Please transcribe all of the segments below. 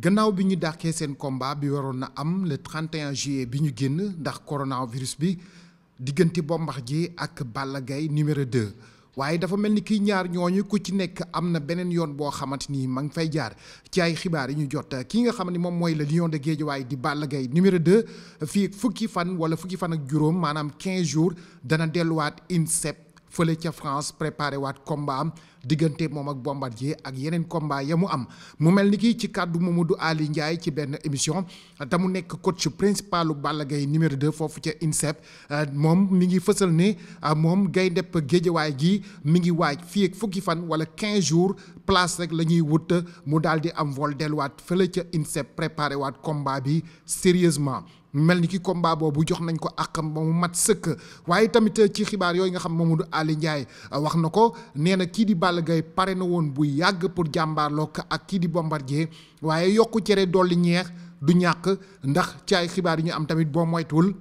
gannaaw bi ñu dàqee seen combat bi waroon na am le 31 juillet bi ñu génn ndax coronavirus bi diggante bombax ji ak Balla gay numéro 2 waaye dafa mel ni kii ñaar ñooñu ku ci nekk am na beneen yoon boo xamante ni ma ngi fay jaar ci ay xibaar yi ñu jot ki nga xam ne moom mooy le lion de Guédiawaye di Balla Gaye numéro 2 fii fukki fan wala fukki fan ak juróom maanaam 15 jours dana delluwaat INSEP. fële ca France préparé waat combat diggante moom ak Bombardier ak yeneen combat ya mu am mu mel ni kii ci kàddu Mamadou Ali Ndiaye ci benn émission te mu nekk coach principalu Balla Gaye numéro 2 foofu ca INSEP moom mi ngi fësal ne moom gay ndepp géejawaay gi mi ngi waaj fii fukki fan wala 15 jours place rek la ñuy wut mu daal di am vol delluwaat fële ca INSEP préparé waat combat bi sérieusement mel ni ki combat boobu jox nañ ko àqam ba mu mat sëkk waaye tamit ci xibaar yooyu nga xam mu du Ali Ndiaye euh, wax na ko nee na kii di Balla gay pare na woon bu yàgg pour jàmbaarloo ak kii di Bombardier waaye yokk cere dolli ñeex du ñàkk ndax caay xibaar yi ñu am tamit boo moytuwul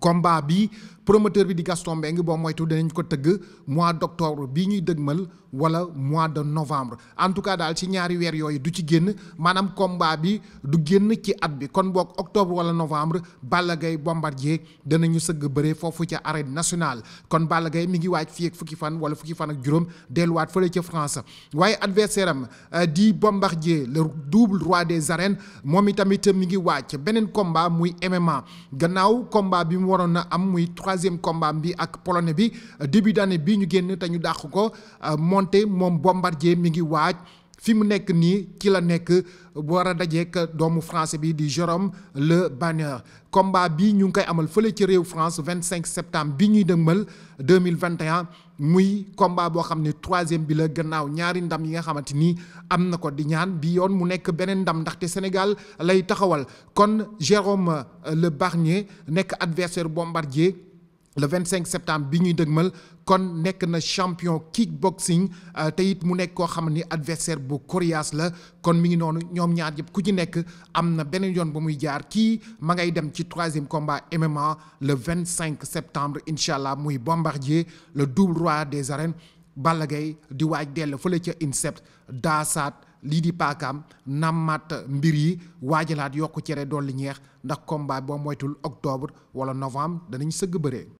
combat bi promoteur bi di Gaston Mbengue boo moytu danañ ko tëgg mois d' octobre bii ñuy dëgmal wala mois de novembre en tout cas daal ci ñaari weer yooyu du ci génn maanaam combat bi du génn ci at bi kon boog octobre wala novembre Balla Gaye Bombardier danañu sëgg bëre foofu ca arène nationale kon Balla Gaye mi ngi waaj fii ak fukki fan wala fukki fan ak juróom delluwaat fële ca France waaye adversaire am euh, di Bombardier le double roi des arènes moom itamit mi ngi waaj beneen combat muy MMA gannaaw combat bi mu waroon a am troisième combat bi ak polonais bi début d'année bii ñu génn te ñu dàq ko monté moom bombardier mi ngi waaj fi mu nekk nii ci la nekk war a dajeek doomu français bi di Jérôme Le Banner combat bi ñu ngi koy amal fële ci réew France vingt cinq septembre bi ñuy dëgmal 2021 muy combat boo xam ni troisième bi la gannaaw ñaari ndam yi nga xamante ni am na ko di ñaan bi yoon mu nekk beneen ndam ndaxte Sénégal lay taxawal kon Jérôme Le Barnier nekk adversaire bombardier le 25 septembre bi ñuy dëgmal kon nekk na champion kickboxing euh, te it mu nekk koo xam ni adversaire bu coriace la kon mi ngi noonu ñoom ñaar yëpp ku ci nekk am na beneen yoon ba muy jaar kii ma ngay dem ci troisième combat MMA le 25 septembre incha allah muy bombardier le double roi des arènes Balla Gaye di waaj dell fële ca INSEP daasaat lii di paakaam nammat mbir yi waajalaat yokk cere dool li ñeex ndax combat boo moytul octobre wala novembre danañ sëgg bëree.